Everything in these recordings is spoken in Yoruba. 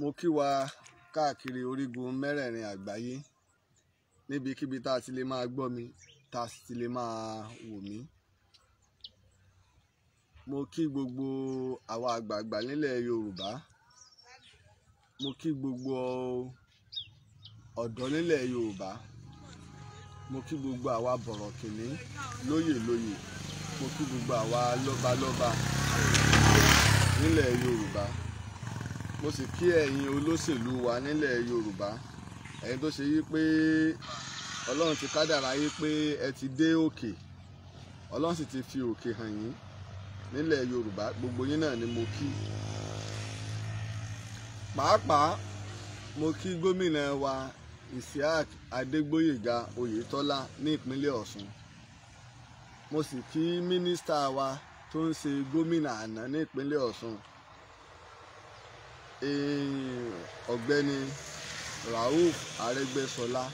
mo kí wa káàkiri orígun mẹ́rẹ̀ẹ̀rin àgbáyé níbikíbi tá a ti lè máa gbọ́ mi tá a sì ti lè máa wò mí mo kí gbogbo àwa àgbààgbà nílẹ̀ Yorùbá mo kí gbogbo ọ̀dọ́ nílẹ̀ Yorùbá mo kí gbogbo àwa bọ̀rọ̀kìnní lóyè lóyè mo kí gbogbo àwa lọ́balọ́ba nílẹ̀ Yorùbá mo sì kí ẹ̀yin olóṣèlú wa nílẹ̀ yorùbá ẹ̀yin tó ṣe yí pé ọlọ́run ti kádàrá yí pé ẹ ti dé òkè ọlọ́run sì ti fi òkè hàn yín nílẹ̀ yorùbá gbogbo yín náà ni mo kí pàápàá mo kí gómìnà wa isiaq adégbóyèga oyètọ́lá ní ìpínlẹ̀ ọ̀ṣun mo sì kí mínísítà wa tó ń ṣe gómìnà àná ní ìpínlẹ̀ ọ̀ṣun Eh, ọ̀gbẹ́ni Rauf Arẹ́gbẹ́ṣọlá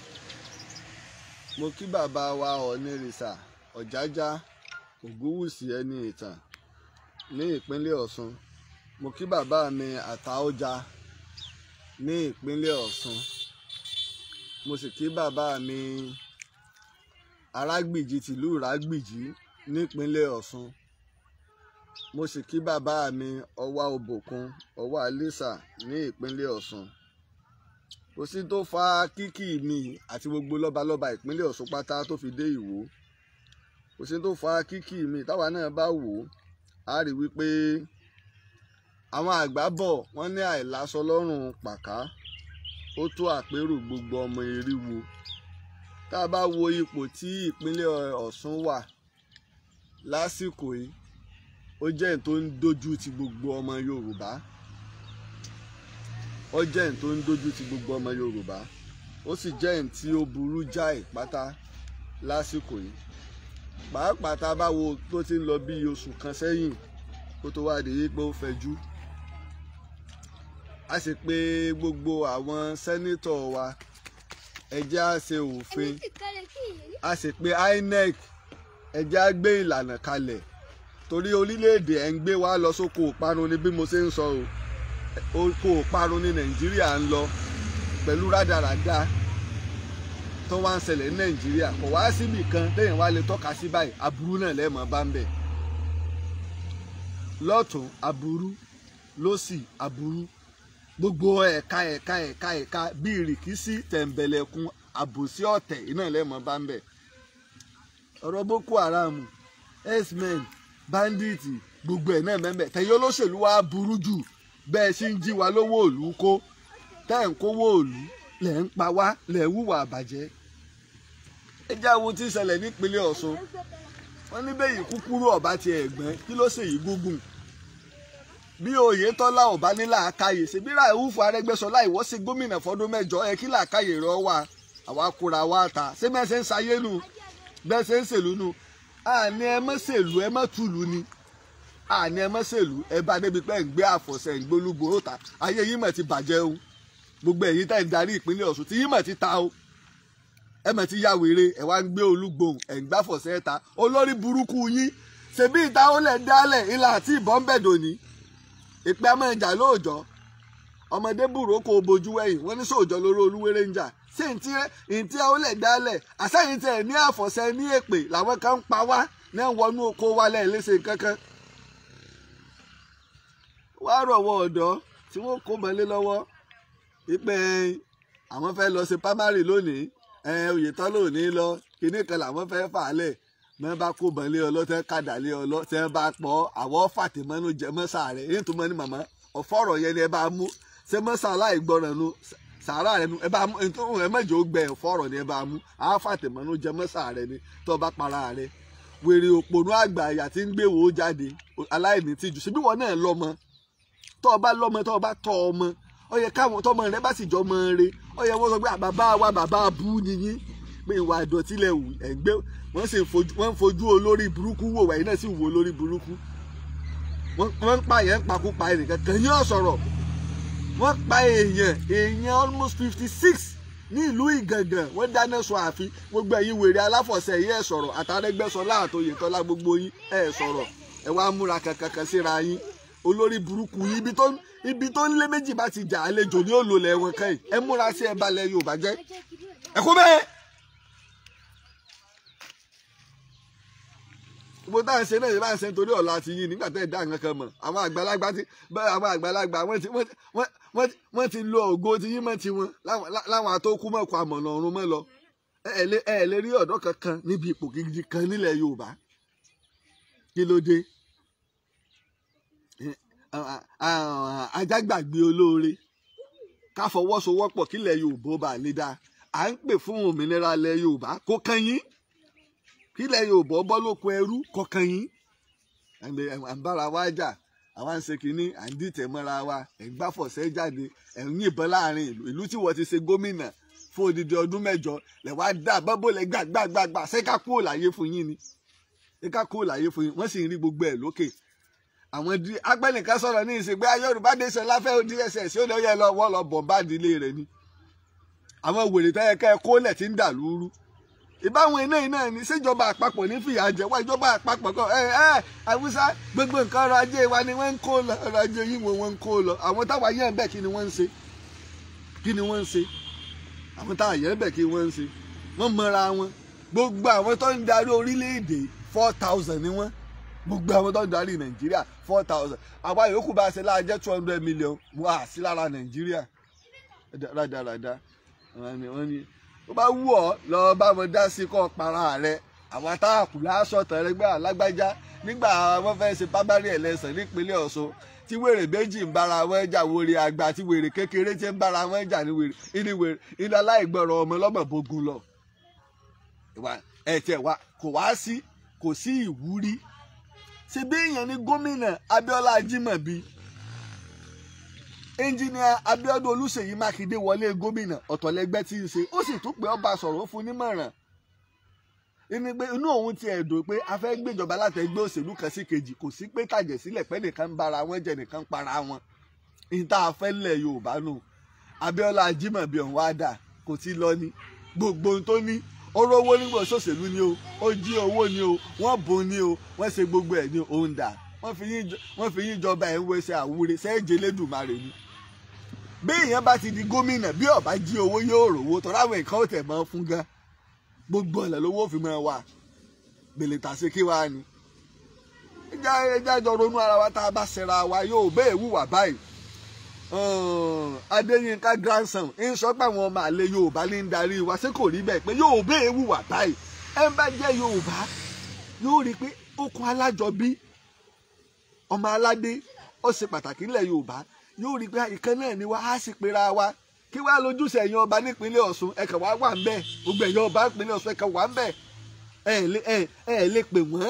mo kí bàbá wa ọ̀nìrìsà ọ̀jájá ògúwùsì ẹni ìtàn ní ìpínlẹ̀ Ọ̀ṣun mo kí bàbá mi àtàọ́jà ní ìpínlẹ̀ Ọ̀ṣun mo sì kí bàbá mi arágbìjì tìlú rágbìjì nípínlẹ̀ Ọ̀ṣun mo sì kí bàbá mi ọwá òbòkun ọwá alisa ní ìpínlẹ̀ Ọ̀ṣun kò sí tó fa kíkì mi àti gbogbo lọ́balọ́ba ìpínlẹ̀ Ọ̀ṣun pátá tó fi dé Ìwó kò sí tó fa kíkì mi táwa náà bá wò ó a rí wípé àwọn àgbà bọ̀ wọ́n ní àìláṣọ lọ́rùn pàká ó tó àpérò gbogbo ọmọ eríwo tá a bá wo ipò tí ìpínlẹ̀ Ọ̀ṣun wà lásìkò yìí ó jẹ́ ẹ̀ tó ń dojú ti gbogbo ọmọ Yorùbá ó jẹ́ ẹ̀ tó ń dojú ti gbogbo ọmọ Yorùbá ó sì jẹ́ ẹ̀ tí ó burú jáì pátá lásìkò yìí pàápàá tá a bá wo tó ti ń lọ bí oṣù kan sẹ́yìn kó tó wá dèyí pé ó fẹjú a sì pé gbogbo àwọn sẹ́nítọ̀ wa ẹjẹ́ á ṣe òfin a sì pé INEC ẹjẹ́ á gbé ìlànà kalẹ̀ torí orílẹ̀-èdè ẹ̀ ń gbé wá lọ sóko òparun ni bí mo ṣe ń sọ o oko òparun ni nàìjíríà ń lọ pẹ̀lú rádaràda tó wá ń ṣẹlẹ̀ ní nàìjíríà kò wá síbì kan téèyàn wá lè tọ́ka sí báyìí aburú náà lẹ́ẹ̀mọ́ bá ń bẹ̀ lọ́tún aburú lọ́sì aburú gbogbo ẹ̀ka ẹ̀ka ẹ̀ka ẹ̀ka bíi rìkísí tẹ̀m̀bẹ̀lẹ̀kun àbòsí ọ̀tẹ̀ iná lẹ́ẹ̀mọ́ bá ń bẹ̀ ọ̀rọ̀ boko haram x-men bandits gbogbo ẹ̀ náà mẹ́mẹ́ tẹ̀yìn olóṣèlú wa burú jù bẹ́ẹ̀ ṣe ń jí wa lówó òlú kó tẹ́ ń kówó òlú lẹ̀ ń pa wá lẹ̀ ń hùwà àbàjẹ́ ẹ jẹ́ àwọn tí ń ṣẹlẹ̀ nípínlẹ̀ Ọ̀ṣun wọ́n ní bẹ́ẹ̀ yìí kúkúrú ọ̀bá ti ẹ̀gbẹ́ kí ló ṣèyí gúngùn bí Oyètọ́lá ọ̀bá ní làákàyè ṣe bí Ràúfù Arẹ́gbẹ́ṣọlá ìwọ́ sí gómìnà fọdún mẹ́jọ ẹ kí làákàyè rọ wà àwa kura wa ta ṣé mẹ́sẹ̀ ń ṣayé nu bẹ́ẹ̀ ṣe ń ṣèlú nu àní ẹ má ṣèlú ẹ má túlù ni àní ẹ má ṣèlú ẹ bá débi pé ń gbé àfọ̀sẹ̀ ń gbólúgbòrò ta ayé yìí mà ti bàjẹ́ o gbogbo ẹ̀yin tẹ̀ ń darí ìpínlẹ̀ Ọ̀ṣun tí yìí mà ti ta o ẹ mà ti ya wèrè ẹ wá ń gbé olúgbòhùn ẹ̀ ń gbáfọ̀sẹ̀ ta olórí burúkú yín ṣèbí ìta ó lẹ̀ dálẹ̀ ilà àti ìbọn bẹ̀dọ̀ ni ìpẹ́ mọ́ ìjà lóòjọ́ ọmọdé bùrọ̀ kò bojú wẹ̀yìn wọ́n ní sóòjọ́ lóró olúwéré ń jà sí ntí ntí àwọlẹ̀ dálẹ̀ àsẹ́yìn tẹ̀ ní àfọ̀sẹ́ ní èpè làwọn kan ń pa wá náà wọnú oko wa lẹ́ẹ̀lẹ́sẹ̀ kankan. wá rọ̀wọ́ ọ̀dọ́ tí wọ́n kó mọ́lé lọ́wọ́ wípé àwọn fẹ́ lọ sí pámárì lónìí òyìntàn lónìí lọ kinní kan làwọn fẹ́ fà á lẹ̀ mọ bá kó mọ́lé ọlọ́tẹ́ kàdà lé ọlọ́ tẹ́ bá pọ̀ àwọn fàtìmọ́nú jẹ mọ́sà rẹ̀ nítorí mọ́ ni màmá ọ̀fọ́rọ̀ yẹn ni ẹ bá mú ṣé aláìgbọràn nu sàárà rẹ nu ẹ bá mú ẹ mẹjọ gbẹ fọrọ ni ẹ bá mú àáfàtẹmọnú jẹmọsà rẹ ni tó bá para rẹ wèrè òpònú àgbà àyà tí ń gbèwò jáde aláìní tìjú ṣebí wọn náà lọ́mọ tó bá lọ́mọ tó bá tọ́ ọmọ ó káwọn tọmọ rẹ bá sì jọmọ rẹ ó wọn sọ pé àbàbá wa bàbá bú yíyín pé ìwà ìdọ̀tí lẹ̀ wù ẹ̀ gbé wọ́n sì ń fojú olórí burúkú wò wáyé náà sì wò olórí burúkú wọ́n ń pa yẹn ń pakú pa ẹnìkan kàn yín wọ́n pa èèyàn èèyàn almost fifty six ní ìlú Ìgàngàn wọ́n dáná sun ààfin gbogbo ẹ̀yin wèrè aláfọ̀sẹ̀ yìí ẹ̀ sọ̀rọ̀ àtàrẹ́gbẹ́sọlá àtòyètọ́lá gbogbo yín ẹ̀ sọ̀rọ̀ ẹ̀ wá múra kankan síra yín olórí burúkú ibi tó ibi tó ń lé méjì bá ti jà àlejò ní òlò lẹ́wọ̀n kan yìí ẹ múra sí ẹ balẹ̀ Yorùbá jẹ́ ẹ kú bẹ́ẹ̀. gbogbo tá à ń ṣe náà bá ń ṣe nítorí ọ̀la ti yín nígbà tẹ́ ẹ̀ dá nǹkan kan mọ̀ àwọn àgbàlagbà ti àwọn àgbàlagbà wọ́n ti lo ògo ti yín mọ́ ti wọn láwọn atókù mọ̀ kó àmọ̀nà ọ̀run mọ́ lọ ẹ̀ lè rí ọ̀dọ́ kankan níbi ipò gidi kan nílẹ̀ Yorùbá kí ló dé ajágbàgbé olóore ká fọwọ́sowọ́pọ̀ kílẹ̀ Yorùbá bá lè dáa à ń pè fún òmìnira ilẹ̀ Yorùbá kó kàn yín kílẹ̀ Yorùbá bọ́ lókun ẹrú kọkàn yín à ń bára wa jà àwa ń ṣe kínní à wa ẹ̀ ń gbáfọ̀sẹ́ jáde ẹ̀ ń yìnbọn láàrin ìlú ìlú tí wọ́n ti ṣe gómìnà fún odidi ọdún mẹ́jọ lẹ̀ wá dá bábò lẹ̀ gbàgbàgbà ṣé ká kúrò láyé fún yín ni ṣé ká kúrò láyé fún yín wọ́n sì ń rí gbogbo ẹ̀ lókè àwọn di agbẹnìkan sọ̀rọ̀ ní ìsìnkú ah, Yorùbá nation láfẹ́ odi ẹsẹ̀ sí ó lè lọ wọ́ lọ bọ̀ bá ìdílé rẹ̀ ni àwọn wèrè tẹ́yẹ ká ẹ kólẹ̀ ti ń dà lúrú ìbáwọn eléyìí náà ní síjọba àpapọ̀ ní fìyà jẹ wá ìjọba àpapọ̀ kọ ẹ ẹ Haúsá gbogbo nǹkan ọrọ̀ ajé wa ni wọ́n ń kó lọ ọrọ̀ ajé yìí wọ́n wọ́n ń kó lọ àwọn táwa yẹn bẹ́ẹ̀ kí ni wọ́n ń ṣe kí ni wọ́n ń ṣe àwọn táwa yẹn bẹ́ẹ̀ kí wọ́n ń ṣe wọ́n mọra wọn gbogbo àwọn tó ń darí orílẹ̀-èdè four thousand ni wọ́n gbogbo àwọn tó ń darí Nàìjíríà four thousand àwa yòókù bá ṣe láàjẹ́ two hundred million wá sí lára Nàìjíríà rádaràda wọ́n ní tó bá wù ọ́ lọ bá wọn dá sí kọ́ para rẹ àwọn táàkù láṣọ̀tàn rẹgbẹ́ alágbájá nígbà wọn fẹ́ ṣe pábárì ẹlẹ́sẹ̀ nípínlẹ̀ Ọ̀ṣun tí wèrè méjì ń bára wọn jà wèrè àgbà tí wèrè kékeré ti ń bára wọn jà ní wèrè ìní wèrè ìní ọmọ ọlọ́mọ lọ. ẹ̀tẹ̀ wa kò wá sí kò sí ìwúrí ṣe bí èèyàn ní gómìnà Abíọ́lá Ajímọ̀bí Engineer Abíọ́dún Olúṣèyí Mákindé wọlé gómìnà ọ̀tọ̀lẹ́gbẹ́ tí ń ṣe ó sì tún pé ọba sọ̀rọ̀ fún nímọ̀ràn ẹni pé inú òun ti ẹ̀dùn pé a fẹ́ gbéjọba láti ẹgbẹ́ òṣèlú kan sí kejì kò sí pé tàjẹ̀sílẹ̀ pé nìkan ń bára wọn jẹ nìkan ń para wọn ìta afẹ́lẹ̀ Yorùbá nù Abíọ́lá Ajímọ̀bí ọ̀hún kò tí lọ ní gbogbo ohun tó ní ó rówó nígbà sòṣèlú ni o ó jí owó ni o wọ́n bùn ni o wọ́n ṣe gbogbo ẹ̀ ní òun dà wọ́n fi yín jọba ẹ̀ ń wẹsẹ̀ àwúre sẹ́ẹ̀jẹ̀ lẹ́dùnmarè ni béèyàn bá ti di gómìnà bí ọba jí owó yóò rówó tọ́lá àwọn nǹkan ò tẹ̀ mọ́ fún gan gbogbo ọ̀lẹ́ lówó òfin máa wà gbèlè tàṣe kí wàá ni ẹjá ẹjá jọ ronú ara wa tá a bá ṣẹra wa yóò bẹ́ẹ̀ wùwà báyìí adéyínká grandson ń sọ pé àwọn ọmọ àlè yorùbá ní ń darí wa ṣé kò rí bẹ́ẹ̀ pé yóò bẹ́ẹ̀ wùwà báyìí ẹ ń bá jẹ́ yorùbá yóò rí i pé okùn alájọbí ọmọ aládé ó ṣe pàtàkì nílẹ̀ yorùbá yóò rí pé ìkan náà ni wá á sì pera wa kí wàá lójúṣe ẹ̀yin ọba nípínlẹ̀ Ọ̀ṣun ẹ̀kàn wá wà ńbẹ̀ gbogbo ẹ̀yin ọba nípínlẹ̀ Ọ̀ṣun ẹ̀kàn wà ńbẹ̀ ẹ̀ lè pè wọ́n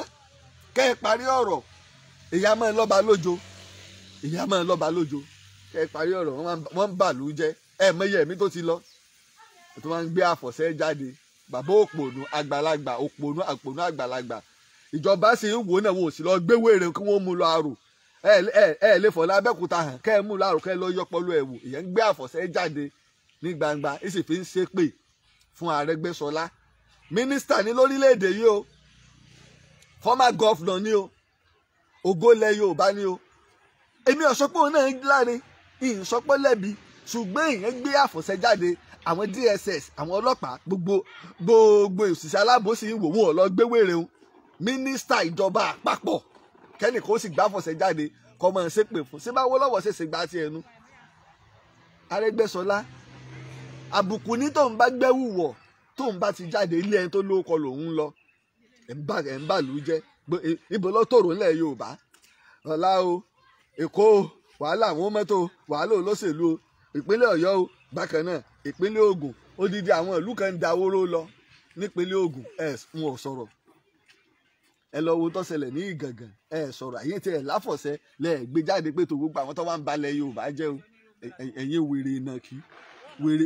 kẹ́ ẹ parí ọ̀rọ̀ ìyá máa ń lọ́ba lójo ìyá máa ń lọ́ba lójo kẹ́ ẹ parí ọ̀rọ̀ wọ́n ń bà lù jẹ́ ẹ̀ mẹ́yẹ ẹ̀mí tó ti lọ tó máa ń gbé àfọ̀ṣẹ́ jáde bàbá òpònú àgbàlagbà òpònú àgbàlagbà ìjọba sì ń wò ẹ ẹ ẹ lè fọ lábẹ́kúta hàn kẹ́ ẹ mú láàrú kẹ́ ẹ lọ yọpọlọ ẹ wò ìyẹn ń gbé àfọ̀ṣẹ́ jáde ní gbangba ẹ sì fi ń ṣépè fún Arẹ́gbẹ́ṣọlá mínísítà ní lórílẹ̀‐èdè yìí o former governor ni o ògólẹ̀ Yorùbá ni o èmi ọ̀sọ́pọ̀ náà láre ìǹsọ́pọ̀ lẹ́bi ṣùgbọ́n ìyẹn gbé àfọ̀ṣẹ́ jáde àwọn DSS àwọn ọlọ́pàá gbogbo gbogbo òṣìṣẹ́ aláàbò sì ń wò wọ́n lọ gbéwèrè o mínísítà ìjọba àpapọ̀ kẹ́nì kó sì gbáfọ̀sẹ̀ jáde kọ́ mọ̀ ṣe pè fún síbá owó lọ́wọ́ ṣèṣe gba ti ẹnu. Arẹ́gbẹ́ṣọlá àbùkù ní tóun bá gbẹ́wù wọ̀ tóun bá ti jáde ilé ẹni tó lóko lòun lọ ẹ̀ ń bà lù jẹ́ ibo ló tòrò ńlẹ̀ Yorùbá ọ̀la o Èkó o wàhálà àwọn mọ́tò wàhálà olóṣèlú o ìpínlẹ̀ Ọ̀yọ́ o bákan náà ìpínlẹ̀ Ògùn odidi àwọn ìlú kan ń dawóró lọ nípínlẹ̀ Ògùn ẹ̀ ń sọ̀rọ̀ ẹ lọ wo tó ṣẹlẹ̀ ní Ìgàngàn ẹ sọ̀rọ̀ àyè tí ẹ láfọ̀ṣẹ́ lẹ gbé jáde pé tó gbogbo àwọn tó wá ń balẹ̀ Yorùbá jẹ́ o ẹ̀yin wèrè ìnàkí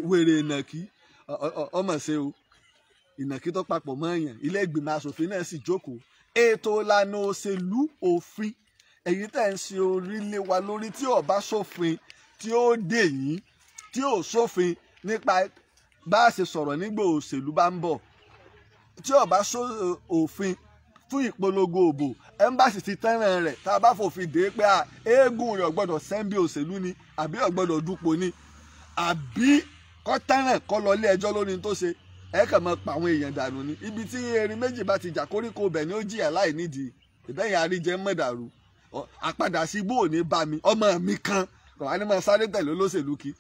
wèrè ìnàkí ọmọ ṣe o ìnàkí tó papọ̀ mọ́ èèyàn ilé ìgbìmọ̀ asòfin náà sì jókòó ètò ìlànà òṣèlú òfin èyí tẹ̀ ń ṣe orílẹ̀ wa lórí tí ó bá sófin tí ó dè yín tí ó sófin nípa bá a ṣe sọ̀rọ̀ nígbà òṣèlú bá ń bọ̀ tí ó bá sófin fún ìpolongo òbò ẹmbàsì ti tẹ́ràn rẹ̀ tá a bá fòfin dé pé à eégún rẹ̀ ọ̀gbọ́dọ̀ sẹ́ńbì òṣèlú ni àbí ọ̀gbọ́dọ̀ dúpọ̀ ni àbí kọ́ tẹ́ràn kọ́ lọ ilé ẹjọ́ lórí tó ṣe ẹ kàn máa pa àwọn èèyàn dànù ni ibi tí erin méjì bá ti jà koríko ibẹ̀ ni ó jìyà láì nídìí ìbẹ́yìn àríjẹ́ mọ̀dàrú àpadà sí bó ní bá mi ọmọ mi kan wà á ní máa sáré tẹ̀lé olóṣèlú kí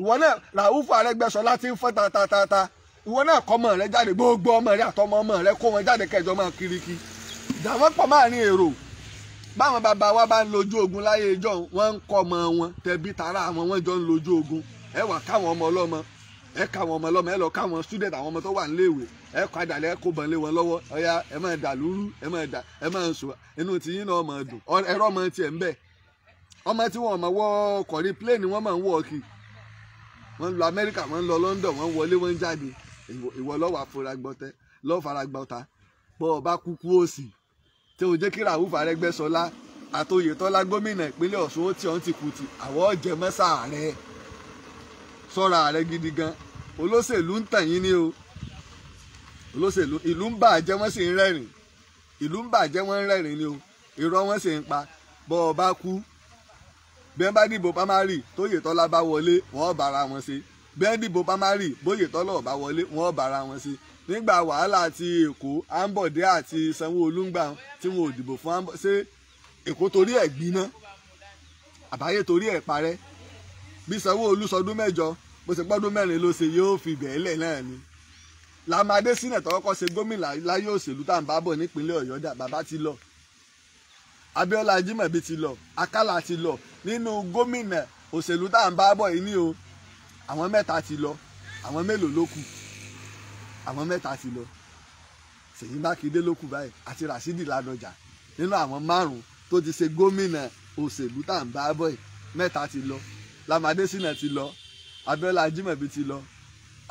ìwọ náà Ràúfù Arẹ́gbẹ́ṣọlá ti ń fọ́ ta ta ta ta ìwọ náà kọ́ ọmọ rẹ jáde gbogbo ọmọ rẹ àtọmọ ọmọ rẹ kó wọn jáde kẹjọ máa kiriki ìdàwọn pọ̀ máa ní èrò báwọn bàbá wa bá ń lójú ogun láyé ìjọ wọn ń kọ́ ọmọ wọn tẹbí tara àwọn wọn jọ ń lójú ogun ẹ wà káwọn ọmọ ọlọ́mọ ẹ káwọn ọmọ ọlọ́mọ ẹ lọ káwọn student àwọn ọmọ tó wà níléèwé ẹ kọ àdàlẹ ẹ kó bọ̀n lé wọn lọ́wọ́ ọ̀ya ẹ máa dà lúrú ẹ máa dà ẹ máa sùn inú tiyín náà máa dùn ẹ̀rọ ọmọ tiẹ̀ ń bẹ ọmọ tí wọn máa wọ ọkọ̀ ní plane wọn máa ń wọ̀ kì wọ́n lọ Amẹ́ríkà wọ́n lọ London wọ́n wọlé wọ́n jáde ìwọ lọ́wọ́ àforagbọ́tẹ́ lọ́wọ́ faragbọ́ta bọ́ ọba kúkú òsì tí o jẹ́ kí Rauf Arẹ́gbẹ́ṣọlá àtòyètọ́lá gómìnà ìpínlẹ̀ Ọ̀ṣun ó ti ọ̀hún ti kùtì àwọn ọ̀jẹ̀ mọ́sà rẹ̀ sọ́ra rẹ̀ gidi gan olóṣèlú ń tàn yín ní o olóṣèlú ìlú ń bàjẹ́ wọ́n sì ń rẹ́rìn ìlú ń bàjẹ́ wọ́n ń rẹ́rìn ni o irọ́ wọ́n sì ń pa bọ́ ọba kú bí wọ́n bá dìbò pamari tó yètọ́lá bá wọlé wọ́n bára wọn ṣe bẹ́ẹ̀ dìbò pamari bóyè tọ́lọ̀ bá wọlé wọ́n bára wọn sí nígbà wàhálà ti èkó ambode àti sanwó-olu ń gbà tí wọn ò dìbò fún ambode ṣé èkó torí ẹ̀ gbiná àbáyé torí ẹ̀ parẹ́ bí sanwó-olu sọdún mẹ́jọ bó ṣe gbọ́dún mẹ́rin ló ṣe yóò fi bẹ̀ẹ́lẹ̀ náà ni Láàmú Adésínà tó kọ́kọ́ ṣe gómìnà láyé òṣèlú tá à ń bá bọ̀ nípínlẹ̀ Ọ̀yọ́ dà bàbá ti lọ Abíọ́lá Ajímọ̀bí ti lọ Akálà ti lọ nínú gómìnà òṣèlú tá à ń bá bọ̀ yìí ni o àwọn mẹ́ta ti lọ àwọn mélòó ló kù àwọn mẹ́ta ti lọ Ṣèyí Mákindé ló kù báyìí àti Rasidi Ládọjà nínú àwọn márùn tó ti ṣe gómìnà òṣèlú tá à ń bá bọ̀ mẹ́ta ti lọ Lamade Ṣínà ti lọ Abiola Ajimobi ti lọ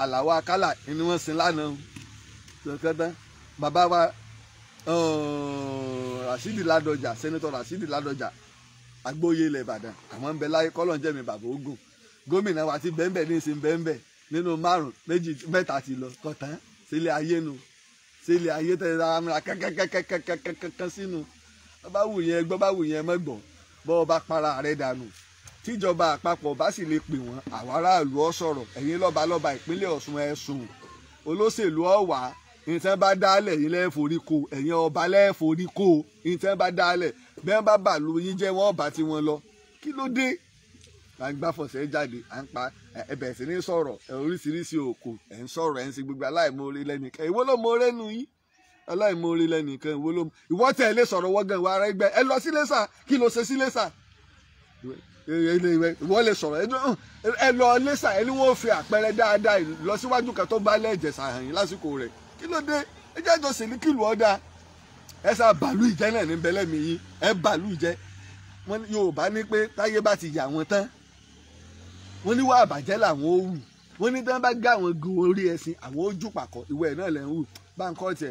Àlàó Akálà ni wọ́n sin lánàá kankan tán bàbá wa Rasidi Ládọjà sẹ́nitọ́ Rasidi Ládọjà agbóyè ilẹ̀ Ìbàdàn àwọn ń bẹ láyé kọ́lọ́ọ̀jẹ́ mi bàbá ogun gómìnà wa ti bẹ́ẹ̀ bẹ́ẹ̀ ní ìsìn bẹ́ẹ̀ bẹ́ẹ̀ nínú márùn méjì mẹ́ta ti lọ kọ̀tán sílé ayé nu sílé ayé tẹ̀lé ara mìíràn kankankankankankan sínú bá wù yẹn gbọ́ bá wù yẹn mọ́ gbọ́ bọ́ ọ bá para rẹ̀ dànù tíjọba àpapọ̀ bá sì lè pè wọ́n àwọn aráàlú ọ sọ̀rọ̀ ẹ̀yin lọ́ba lọ́ba ìpínlẹ̀ Ọ̀ṣun ẹ̀sùn olóṣèlú ọ̀wà ìtàn bá dálẹ̀ yín lẹ́ẹ̀forí ko ẹ̀yin ọba lẹ́ẹ̀forí ko ìtàn bá dálẹ̀ bẹ́ẹ̀ bá bàlú yín jẹ́ wọ́n ọba tí wọ́n lọ kí ló dé là ń gbáfọ̀sẹ̀ jáde à ń pa ẹbẹ̀ sí ní sọ̀rọ̀ oríṣiríṣi òkò ẹ̀ ń sọ̀rọ̀ ẹ̀ ń ṣe gbogbo aláìmoore lẹ́nìkan ìwọ ló moore nu yín aláìmoore lẹ́nìkan ìwọ ló ìwọ tẹ̀ lé sọ̀rọ̀ wọ́gàn ìwà ara ẹgbẹ́ ẹ lọ sí lẹ́sà kí ló ṣe sí lẹ́sà ìwọ lè sọ̀rọ̀ ẹ lọ lẹ́sà ẹni wọ́n fi àpẹẹrẹ dáadáa ìlọsíwájú kan tó bá lẹ́ẹ̀jẹ̀sà hàn yín lásìkò rẹ̀ kí ló dé ẹ jẹ́ àjọṣe ní kìlú ọ̀dà ẹ sá bàálù ìjẹ́ náà ní bẹ́lẹ̀ mi yín ẹ bàálù ìjẹ́ Yorùbá ní pé táyé bá ti yà wọ́n tán wọ́n ní wàá bàjẹ́ làwọn ó wù wọ́n ní tí wọ́n bá gá àwọn gun orí ẹṣin àwọn ó jù pàkọ́ ìwé náà lẹ́ ń wù báńkọ́ọ̀tì